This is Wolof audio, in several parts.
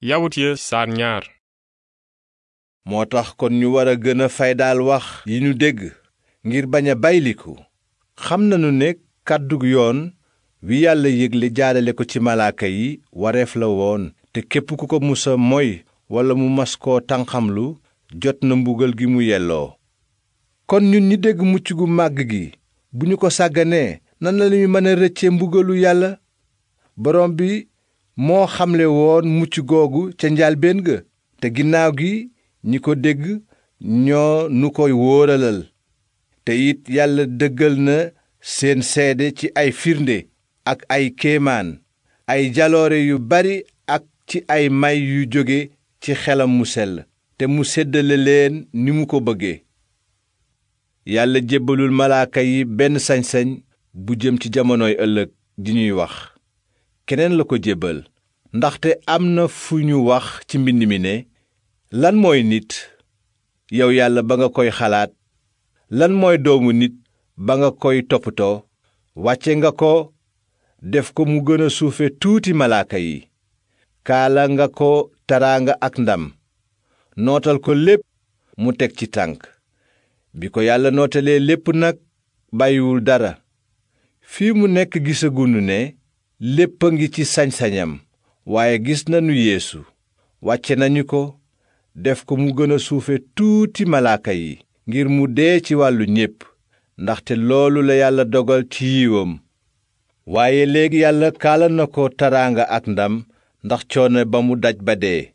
yawut ya saar moo tax kon ñu war a gën a faydaal wax yi ñu dégg ngir bañ a bayliku xam nañu ne kàddug yoon wi yàlla yégle jaarale ko ci malaaka yi wareef la woon te képp ku ko musa moy walla mu mas koo tànqamlu jot na mbugal gi mu yelloo kon ñun ñi dégg mucc gu màgg gi bu ñu ko sàgganee na lañuy mën a rëcce mbugalu yàlla borom bi moo xamle woon mucc googu ca njaalbéen ga te ginnaaw gi ñi ko dégg ñoo nu koy wóoralal te it yàlla dëggal na seen seede ci ay firnde ak ay kéemaan ay jaloore yu bari ak ci ay may yu jóge ci xelam mu sell te mu séddale leen ni mu ko bëggee yàlla jébbalul malaaka yi benn sañ bu jëm ci jamonoy ëllëg ji ñuy wax keneen la ko jébbal ndaxte am na fu ñu wax ci mbind mi ne lan mooy nit yow yàlla ba nga koy xalaat lan mooy doomu nit ba nga koy toppatoo wàcce nga ko def ko mu gën a suufe tuuti malaaka yi kaala nga ko taraanga ak ndam nootal ko lépp mu teg ci tànk bi ko yàlla nootalee lépp nag bàyyiwul dara fi mu nekk gisagunu ne lépp a ngi ci sañ-sañam waaye gis nañu yéesu wàcce nañu ko def ko mu gën a suufe tuuti malaaka yi ngir mu dee ci wàllu ñépp ndaxte loolu la yàlla dogal ci yiwam waaye léegi yàlla kaala na ko taraanga ak ndam ndax coono ba mu daj ba dee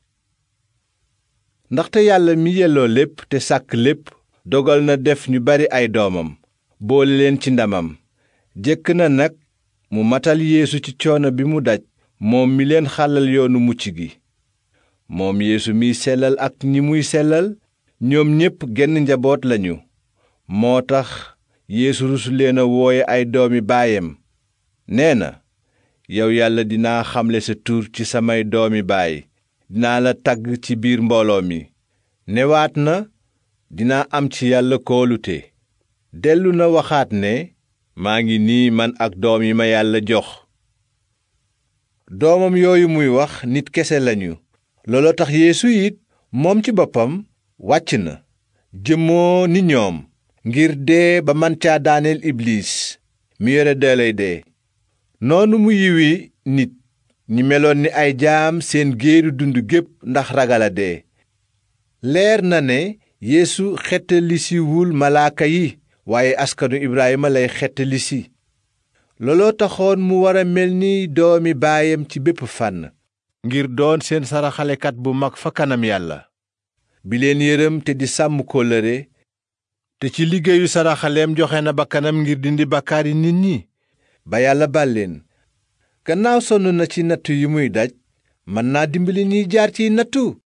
ndaxte yàlla mi yelloo lépp te sàkk lépp dogal na def ñu bari ay doomam boole leen ci ndamam jëkk na nag mu matal yéesu ci coono bi mu daj moom mi leen xàllal yoonu mucc gi moom yéesu miy sellal ak ñi muy sellal ñoom ñépp genn njaboot lañu moo tax yeesu rusu a wooye ay doomi baayam nee na yow yàlla dinaa xamle sa tuur ci samay doomi baay dinaa la tagg ci biir mbooloo mi newaat na dinaa am ci yàlla koolute dellu na waxaat ne maa ngi nii man ak doom yi ma yàlla jox doomam yooyu muy wax nit kese lañu looloo tax yeesu it moom ci boppam wàcc na jëmmoo ni ñoom ngir dee ba man caa daaneel ibliis mi yore dooley dee noonu mu yiwi nit ñi meloon ni ay jaam seen géeru dund gépp ndax ragal a dee leer na ne yéesu xettalisiwul malaaka yi waaye askanu Ibrahima lay xettali si looloo taxoon mu war a mel ni doomi baayam ci bépp fànn ngir doon seen saraxalekat bu mag fa kanam yàlla bi leen yërëm te di sàmm kóllëre te ci liggéeyu saraxaleem joxe na bakkanam ngir dindi bàkkaari nit ñi ba yàlla baal leen gannaaw sonn na ci nattu yi muy daj mën naa dimbali ñiy jaar ciy nattu